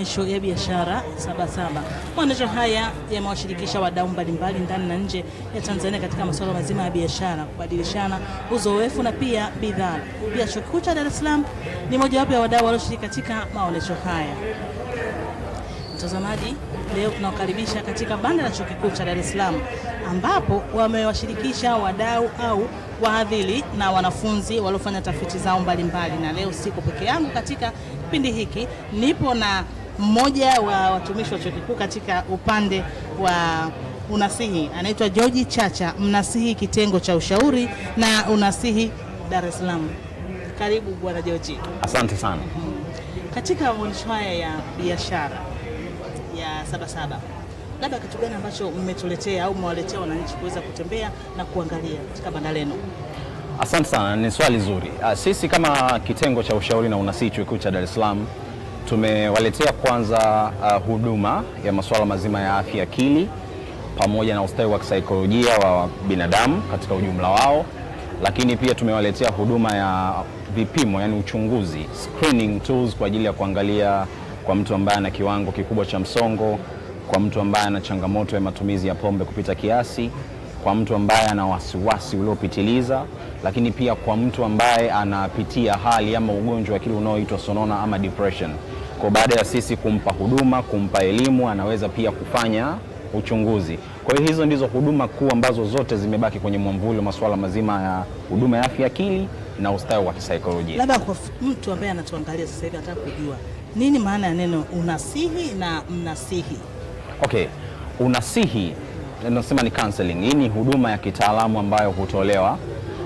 Onyesho ya biashara Sabasaba. Maonyesho haya yamewashirikisha wadau mbalimbali ndani na nje ya Tanzania katika masuala mazima ya biashara, kubadilishana uzoefu na pia bidhaa. Pia Chuo Kikuu cha Dar es Salaam ni mojawapo ya wadau walioshiriki katika maonyesho haya. Mtazamaji, leo tunawakaribisha katika banda la Chuo Kikuu cha Dar es Salaam ambapo wamewashirikisha wadau au wahadhiri na wanafunzi waliofanya tafiti zao mbalimbali, na leo siko peke yangu katika kipindi hiki, nipo na mmoja wa watumishi wa chuo kikuu katika upande wa unasihi, anaitwa George Chacha, mnasihi kitengo cha ushauri na unasihi Dar es Salaam. Karibu bwana George. Asante sana. Hmm. Katika maonyesho haya ya biashara ya Sabasaba, labda kitu gani ambacho mmetuletea au mmewaletea wananchi kuweza kutembea na kuangalia katika banda lenu? Asante sana, ni swali zuri. Ah, sisi kama kitengo cha ushauri na unasihi chuo kikuu cha Dar es Salaam Tumewaletea kwanza uh, huduma ya masuala mazima ya afya akili pamoja na ustawi wa kisaikolojia wa binadamu katika ujumla wao, lakini pia tumewaletea huduma ya vipimo, yani uchunguzi, screening tools kwa ajili ya kuangalia kwa mtu ambaye ana kiwango kikubwa cha msongo, kwa mtu ambaye ana changamoto ya matumizi ya pombe kupita kiasi, kwa mtu ambaye ana wasiwasi uliopitiliza, lakini pia kwa mtu ambaye anapitia hali ama ugonjwa wa kile unaoitwa sonona ama depression. Kwa baada ya sisi kumpa huduma, kumpa elimu, anaweza pia kufanya uchunguzi. Kwa hiyo hizo ndizo huduma kuu ambazo zote zimebaki kwenye mwamvuli wa masuala mazima ya huduma ya afya akili na ustawi wa kisaikolojia. Labda kwa mtu ambaye anatuangalia sasa hivi anataka kujua nini maana ya neno unasihi na mnasihi? Okay, unasihi nasema ni counseling. Hii ni huduma ya kitaalamu ambayo hutolewa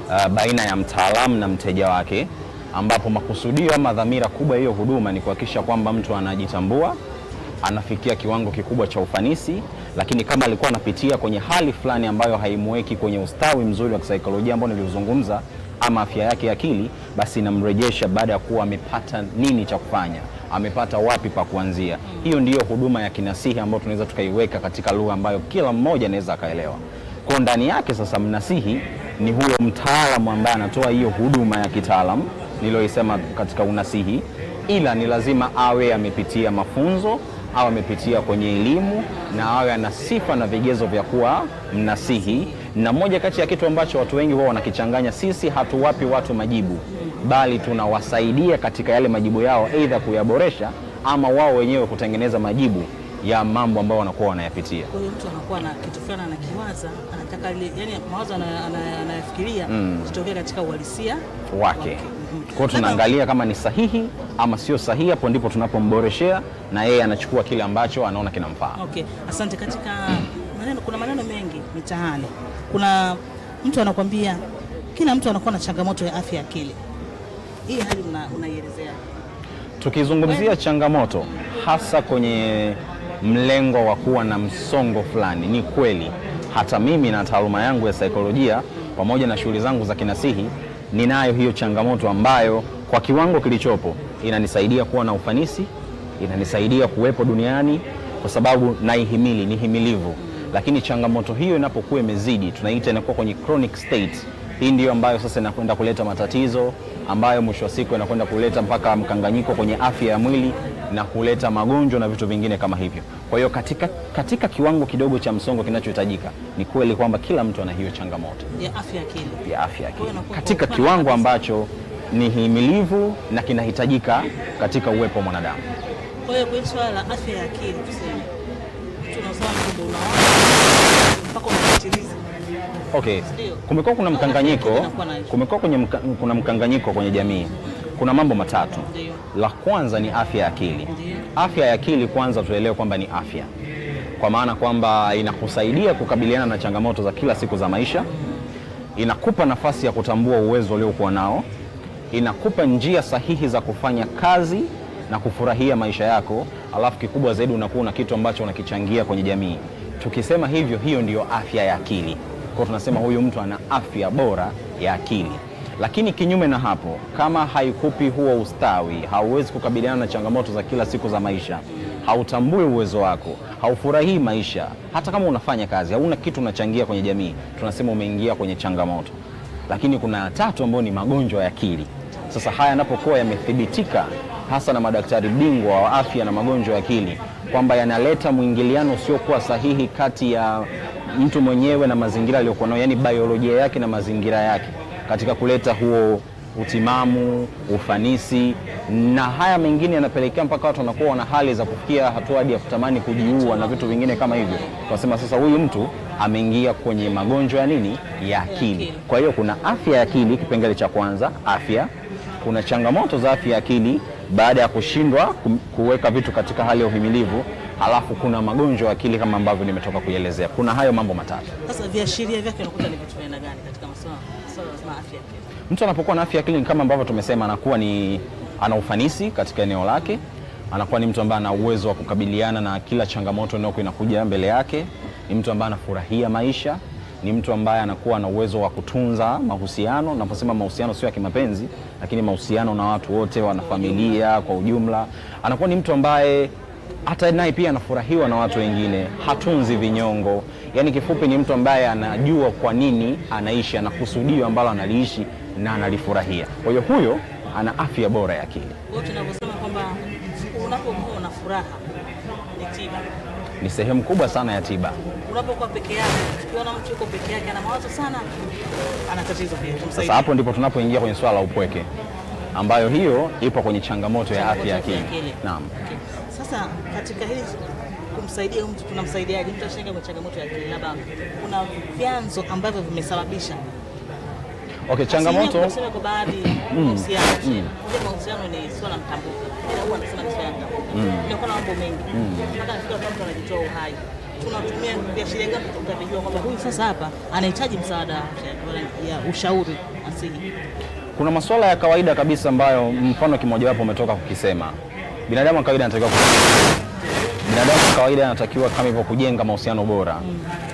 uh, baina ya mtaalamu na mteja wake ambapo makusudio ama dhamira kubwa hiyo huduma ni kuhakikisha kwamba mtu anajitambua, anafikia kiwango kikubwa cha ufanisi, lakini kama alikuwa anapitia kwenye hali fulani ambayo haimweki kwenye ustawi mzuri wa kisaikolojia ambao nilizungumza, ama afya yake ya akili, basi inamrejesha baada ya kuwa amepata nini cha kufanya, amepata wapi pa kuanzia. Hiyo ndiyo huduma ya kinasihi ambayo tunaweza tukaiweka katika lugha ambayo kila mmoja anaweza akaelewa. Kwa ndani yake sasa, mnasihi ni huyo mtaalamu ambaye anatoa hiyo huduma ya kitaalamu niliyoisema katika unasihi, ila ni lazima awe amepitia mafunzo au amepitia kwenye elimu na awe ana sifa na vigezo vya kuwa mnasihi. Na moja kati ya kitu ambacho watu wengi wao wanakichanganya, sisi hatuwapi watu majibu, bali tunawasaidia katika yale majibu yao, aidha kuyaboresha ama wao wenyewe kutengeneza majibu ya mambo ambayo wanakuwa wanayapitia. Kwa hiyo mtu anakuwa na kitu fulani anakiwaza, anataka yani mawazo anayafikiria mm. kutokea katika uhalisia wake, mhm. Kwa hiyo tunaangalia kama ni sahihi ama sio sahihi, hapo ndipo tunapomboreshea na yeye anachukua kile ambacho anaona kinamfaa. Okay. Asante. Katika maneno, kuna maneno mengi mitaani, kuna mtu anakwambia kila mtu anakuwa na changamoto ya afya ya akili. Hii hali unaielezea? Tukizungumzia changamoto hasa kwenye mlengwa wa kuwa na msongo fulani. Ni kweli hata mimi na taaluma yangu ya saikolojia pamoja na shughuli zangu za kinasihi ninayo hiyo changamoto ambayo kwa kiwango kilichopo inanisaidia kuwa na ufanisi, inanisaidia kuwepo duniani kwa sababu naihimili, ni himilivu. Lakini changamoto hiyo inapokuwa imezidi, tunaita inakuwa kwenye chronic state. Hii ndiyo ambayo sasa inakwenda kuleta matatizo ambayo mwisho wa siku inakwenda kuleta mpaka mkanganyiko kwenye afya ya mwili na kuleta magonjwa na vitu vingine kama hivyo. Kwa hiyo katika, katika kiwango kidogo cha msongo kinachohitajika, ni kweli kwamba kila mtu ana hiyo changamoto ya afya ya akili, ya afya ya akili katika kiwango ambacho ni himilivu na kinahitajika katika uwepo wa mwanadamu. Kwa hiyo kwenye swala la afya ya akili tuseme okay, kumekuwa kuna mkanganyiko, kumekuwa kuna mkanganyiko kwenye jamii kuna mambo matatu. La kwanza ni afya ya akili. Afya ya akili kwanza tuelewe kwamba ni afya, kwa maana kwamba inakusaidia kukabiliana na changamoto za kila siku za maisha, inakupa nafasi ya kutambua uwezo uliokuwa nao, inakupa njia sahihi za kufanya kazi na kufurahia maisha yako, alafu kikubwa zaidi unakuwa na kitu ambacho unakichangia kwenye jamii. Tukisema hivyo, hiyo ndiyo afya ya akili. Kwa tunasema huyu mtu ana afya bora ya akili. Lakini kinyume na hapo, kama haikupi huo ustawi, hauwezi kukabiliana na changamoto za kila siku za maisha, hautambui uwezo wako, haufurahii maisha, hata kama unafanya kazi, hauna kitu unachangia kwenye jamii, tunasema umeingia kwenye changamoto. Lakini kuna tatu ambayo ni magonjwa ya akili. Sasa haya yanapokuwa yamethibitika hasa na madaktari bingwa wa afya na magonjwa ya akili kwamba yanaleta mwingiliano usiokuwa sahihi kati ya mtu mwenyewe na mazingira aliyokuwa nayo, yaani biolojia yake na mazingira yake katika kuleta huo utimamu, ufanisi na haya mengine yanapelekea mpaka watu wanakuwa wana hali za kufikia hatua hadi ya kutamani kujiua na vitu vingine kama hivyo. Tunasema sasa, huyu mtu ameingia kwenye magonjwa ya nini? Ya akili. Kwa hiyo kuna afya ya akili, kipengele cha kwanza afya. Kuna changamoto za afya ya akili baada ya kushindwa kuweka vitu katika hali ya uhimilivu, halafu kuna magonjwa ya akili kama ambavyo nimetoka kuelezea Kuna hayo mambo matatu. Sasa viashiria vyake unakuta ni vitu wa afya akili? Mtu anapokuwa na afya ya akili ni kama ambavyo tumesema, anakuwa ni ana ufanisi katika eneo lake, anakuwa ni mtu ambaye ana uwezo wa kukabiliana na kila changamoto inayokuwa inakuja mbele yake, ni mtu ambaye anafurahia maisha, ni mtu ambaye anakuwa na uwezo wa kutunza mahusiano. Naposema mahusiano sio ya kimapenzi, lakini mahusiano na watu wote, wana familia kwa ujumla. Anakuwa ni mtu ambaye hata naye pia anafurahiwa na watu wengine, hatunzi vinyongo. yani kifupi ni mtu ambaye anajua kwa nini anaishi, ana kusudio ambalo analiishi na analifurahia. Kwa hiyo huyo ana afya bora ya akili. Tunavyosema kwamba unapokuwa na furaha ni tiba, ni sehemu kubwa sana ya tiba. Unapokuwa peke yake, ukiona mtu yuko peke yake ana mawazo sana, ana tatizo pia. Sasa hapo ndipo tunapoingia kwenye swala la upweke, ambayo hiyo ipo kwenye changamoto ya afya ya akili. Naam. Sasa katika hili kumsaidia mtu tunamsaidiaje? Mtu ashenga kwa changamoto ya akili, labda kuna vyanzo ambavyo vimesababisha Okay, changamoto kwa baadhi mm, mm. ni swala huwa swala mm. mambo mengi mpaka mtu anajitoa uhai. Tunatumia kwamba huyu sasa hapa anahitaji msaada ya ushauri Kuna masuala ya kawaida kabisa ambayo mfano kimojawapo umetoka kukisema binadamu wa kawaida anatakiwa binadamu wa kawaida anatakiwa kama hivyo kujenga mahusiano bora.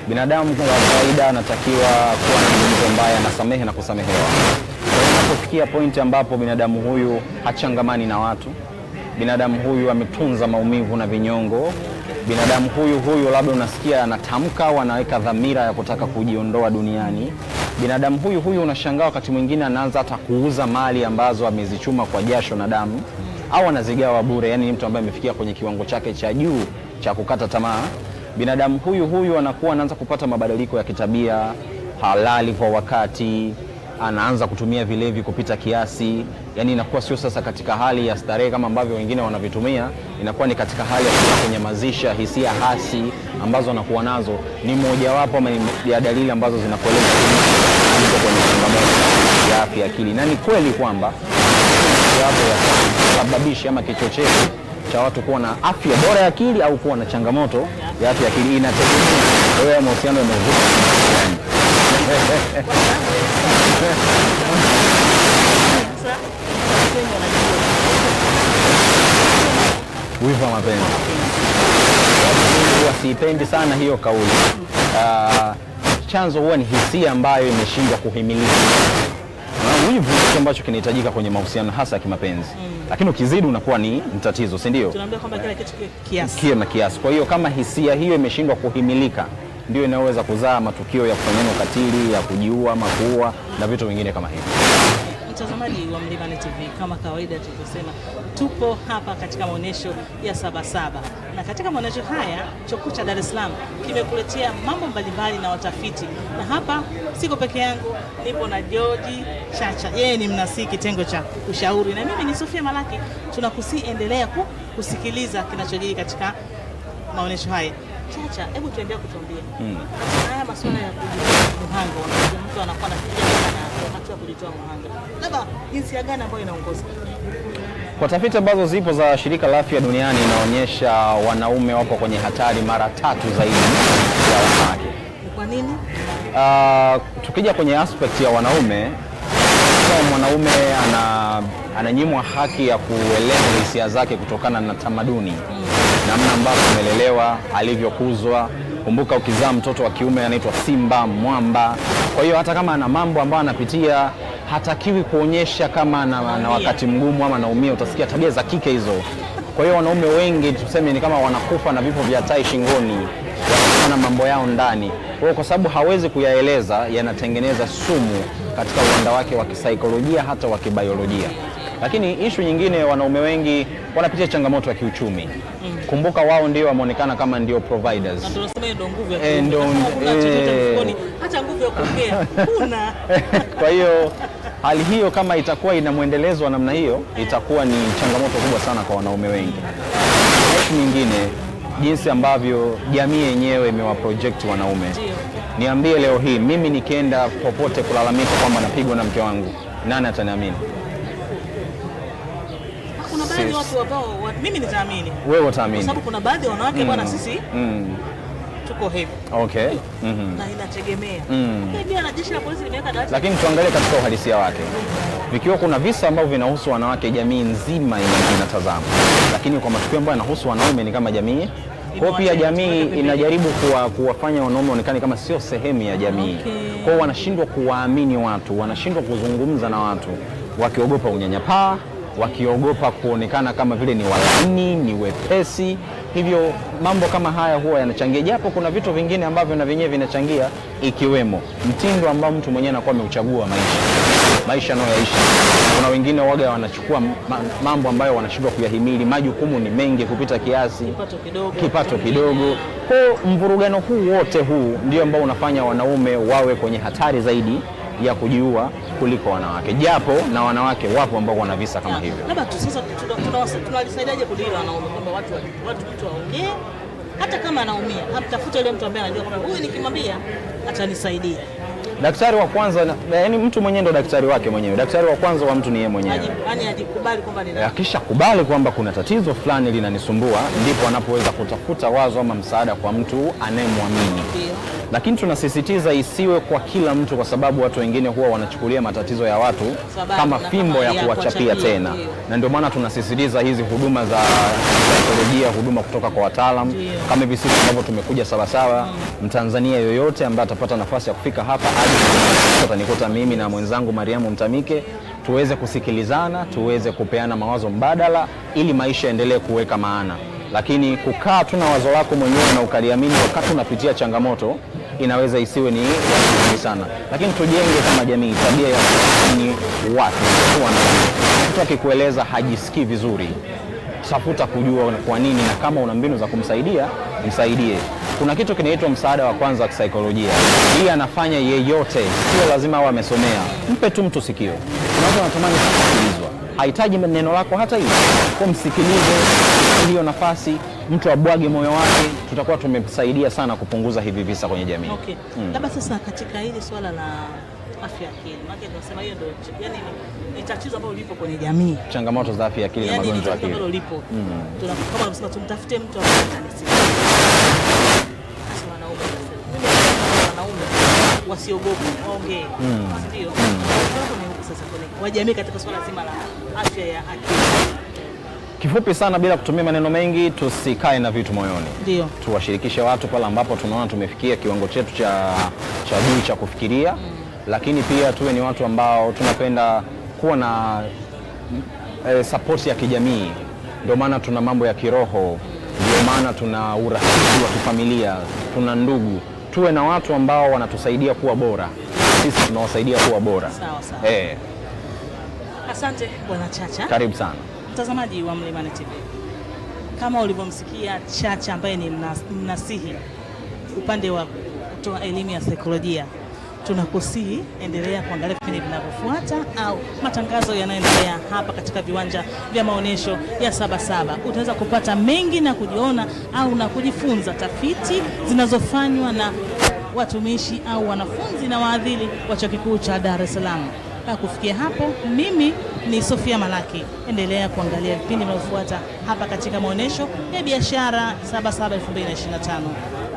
Binadamu wa kawaida anatakiwa kuwa na mtu ambaye anasamehe na kusamehewa. Unapofikia pointi ambapo binadamu huyu hachangamani na watu, binadamu huyu ametunza maumivu na vinyongo, binadamu huyu huyu labda unasikia anatamka au anaweka dhamira ya kutaka kujiondoa duniani binadamu huyu huyu, unashangaa wakati mwingine anaanza hata kuuza mali ambazo amezichuma kwa jasho na damu au anazigawa bure, yani mtu ambaye amefikia kwenye kiwango chake cha juu cha kukata tamaa. Binadamu huyu huyu anakuwa anaanza kupata mabadiliko ya kitabia, halali kwa wakati, anaanza kutumia vilevi kupita kiasi, yani inakuwa sio sasa katika hali ya starehe kama ambavyo wengine wanavitumia, inakuwa ni katika hali ya kunyamazisha hisia hasi ambazo anakuwa nazo. Ni mojawapo ya dalili ambazo zinakueleza kwenye changamoto ya afya akili, na ni kweli kwamba kisababishi ama kichochezi cha watu kuwa na afya bora ya akili au kuwa na changamoto ya afya ya akili inategemea wewe mahusiano yamezuka wivu wa mapenzi. Huwa siipendi sana hiyo kauli. Uh, chanzo huwa ni hisia ambayo imeshindwa kuhimilika wivu kitu ambacho kinahitajika kwenye mahusiano hasa ya kimapenzi mm. Lakini ukizidi unakuwa ni mtatizo si ndio? Tunaambia kwamba kitu kiasi, na kiasi. Kwa hiyo kama hisia hiyo imeshindwa kuhimilika, ndio inayoweza kuzaa matukio ya kufanyana ukatili, ya kujiua ama kuua na vitu vingine kama hivyo. Mtazamaji wa Mlimani TV, kama kawaida tulivyosema, tupo hapa katika maonyesho ya Sabasaba, na katika maonyesho haya chuo kikuu cha Dar es Salaam kimekuletea mambo mbalimbali na watafiti, na hapa siko peke yangu, nipo na George Chacha, yeye ni mnasii kitengo cha ushauri, na mimi ni Sofia Malaki. Tunakusii endelea kusikiliza kinachojiri katika maonyesho haya. Chacha, hebu tuendelea kutuambia hmm. haya masuala ya kujikinga mhango mtu anakuwa na cha kujitoa mhanga, labda jinsia gani ambayo inaongoza? Kwa tafiti ambazo zipo za shirika la afya duniani inaonyesha wanaume wapo kwenye hatari mara tatu zaidi ya wanawake. Kwa nini? Uh, tukija kwenye aspect ya wanaume mwanaume ana ananyimwa haki ya kueleza hisia zake kutokana na tamaduni, hmm. namna ambavyo amelelewa, alivyokuzwa Kumbuka, ukizaa mtoto wa kiume anaitwa simba mwamba. Kwa hiyo hata kama ana mambo ambayo anapitia hatakiwi kuonyesha kama na, na wakati mgumu ama anaumia, utasikia tabia za kike hizo. Kwa hiyo wanaume wengi tuseme ni kama wanakufa na vifo vya tai shingoni, na mambo yao ndani. Kwa kwa sababu hawezi kuyaeleza, yanatengeneza sumu katika uwanda wake wa kisaikolojia hata wa kibayolojia Lakini ishu nyingine, wanaume wengi wanapitia changamoto ya kiuchumi mm kumbuka wao ndio wameonekana kama ndio providers. Na tunasema ndio nguvu ya eh, ndio eh. hata nguvu ya kuongea kuna. Kwa hiyo hali hiyo kama itakuwa inamwendelezwa namna hiyo, itakuwa ni changamoto kubwa sana kwa wanaume wengi. Nyingine jinsi ambavyo jamii yenyewe imewaproject wanaume. Niambie leo hii mimi nikienda popote kulalamika kwamba napigwa na mke wangu, nani ataniamini? sisi ni yaani watu ambao mimi nitaamini. Wewe utaamini. Kwa sababu kuna baadhi ya wanawake bwana mm. sisi mm. tuko hivi. Okay. Mm -hmm. Na inategemea. Mm. Na jeshi la polisi limeweka dawati. Lakini tuangalie katika uhalisia wake. Vikiwa kuna visa ambavyo vinahusu wanawake, jamii nzima inatazama, lakini kwa matukio ambayo yanahusu wanaume ni kama jamii kwa pia jamii inajaribu kuwa, kuwafanya wanaume onekane kama sio sehemu ya jamii okay. Kwao wanashindwa kuwaamini watu, wanashindwa kuzungumza na watu wakiogopa unyanyapaa wakiogopa kuonekana kama vile ni walaini, ni wepesi. Hivyo mambo kama haya huwa yanachangia, japo kuna vitu vingine ambavyo na vyenyewe vinachangia, ikiwemo mtindo ambao mtu mwenyewe anakuwa ameuchagua maisha maisha anayoyaishi. Kuna wengine waga wanachukua mambo ambayo wanashindwa kuyahimili, majukumu ni mengi kupita kiasi, kipato kidogo, kipato kidogo. Kwa mvurugano huu wote huu ndio ambao unafanya wanaume wawe kwenye hatari zaidi ya kujiua kuliko wanawake, japo na wanawake wapo ambao wana visa kama hivyo. Labda sasa tunalisaidiaje kulinda wanaume kwamba watu watu waongee, hata kama anaumia hamtafute yule mtu ambaye anajua kwamba huyu nikimwambia atanisaidia. Daktari wa kwanza, yani, mtu mwenyewe ndo daktari wake mwenyewe. Daktari wa kwanza wa mtu ni yeye mwenyewe. Yaani ajikubali kwamba kuna tatizo fulani linanisumbua, ndipo anapoweza kutafuta wazo ama msaada kwa mtu anayemwamini lakini tunasisitiza isiwe kwa kila mtu, kwa sababu watu wengine huwa wanachukulia matatizo ya watu Sabana, kama fimbo ya kuwachapia tena, na ndio maana tunasisitiza hizi huduma za saikolojia, huduma kutoka kwa wataalamu kama hivi sisi ambavyo tumekuja sawasawa. Mm. Mtanzania yoyote ambaye atapata nafasi ya kufika hapa hadi atanikuta mimi na mwenzangu Mariamu Mtamike tuweze kusikilizana, tuweze kupeana mawazo mbadala ili maisha yaendelee kuweka maana lakini kukaa tu na wazo lako mwenyewe na ukaliamini wakati unapitia changamoto inaweza isiwe ni ni sana, lakini tujenge kama jamii tabia ya kuamini watu kuwa na mtu akikueleza hajisikii vizuri, tafuta kujua kwa nini, na kama una mbinu za kumsaidia msaidie. Kuna kitu kinaitwa msaada wa kwanza wa kisaikolojia. Hii anafanya yeyote, sio lazima awe amesomea. Mpe tu mtu sikio, unaweza natamani kusikilizwa, hahitaji neno lako hata hili, kumsikilize hiyo nafasi mtu abwage moyo wake, tutakuwa tumemsaidia sana kupunguza hivi visa kwenye jamii. Okay. Mm. Labda sasa katika hili swala la afya ya akili, maana tunasema hiyo ndio yani ni tatizo ambalo lipo kwenye jamii, changamoto za afya ya akili na magonjwa ya akili ndio lipo. Mm. Tunapokuwa tunasema tumtafute mtu ambaye Wanaume wanaume wasiogope waongee, hmm. ndio hmm. sasa kwenye jamii katika swala zima la afya ya akili. Kifupi sana bila kutumia maneno mengi, tusikae na vitu moyoni. Ndio. Tuwashirikishe watu pale ambapo tunaona tumefikia kiwango chetu cha cha juu cha kufikiria mm. Lakini pia tuwe ni watu ambao tunapenda kuwa na e, support ya kijamii. Ndio maana tuna mambo ya kiroho, ndio maana tuna urafiki wa kifamilia, tuna ndugu. Tuwe na watu ambao wanatusaidia kuwa bora, sisi tunawasaidia kuwa bora. Sawa sawa. Eh. Asante Bwana Chacha. Karibu sana. Mtazamaji wa Mlimani TV, kama ulivyomsikia Chacha ambaye ni mnasihi upande wa kutoa elimu ya saikolojia, tunakusihi endelea kuangalia vipindi vinavyofuata au matangazo yanayoendelea hapa katika viwanja vya maonyesho ya Sabasaba. Utaweza kupata mengi na kujiona au na kujifunza tafiti zinazofanywa na watumishi au wanafunzi na waadhili wa chuo kikuu cha Dar es Salaam mpaka kufikia hapo, mimi ni Sofia Malaki. Endelea kuangalia vipindi vinavyofuata hapa katika maonyesho ya biashara 77 2025.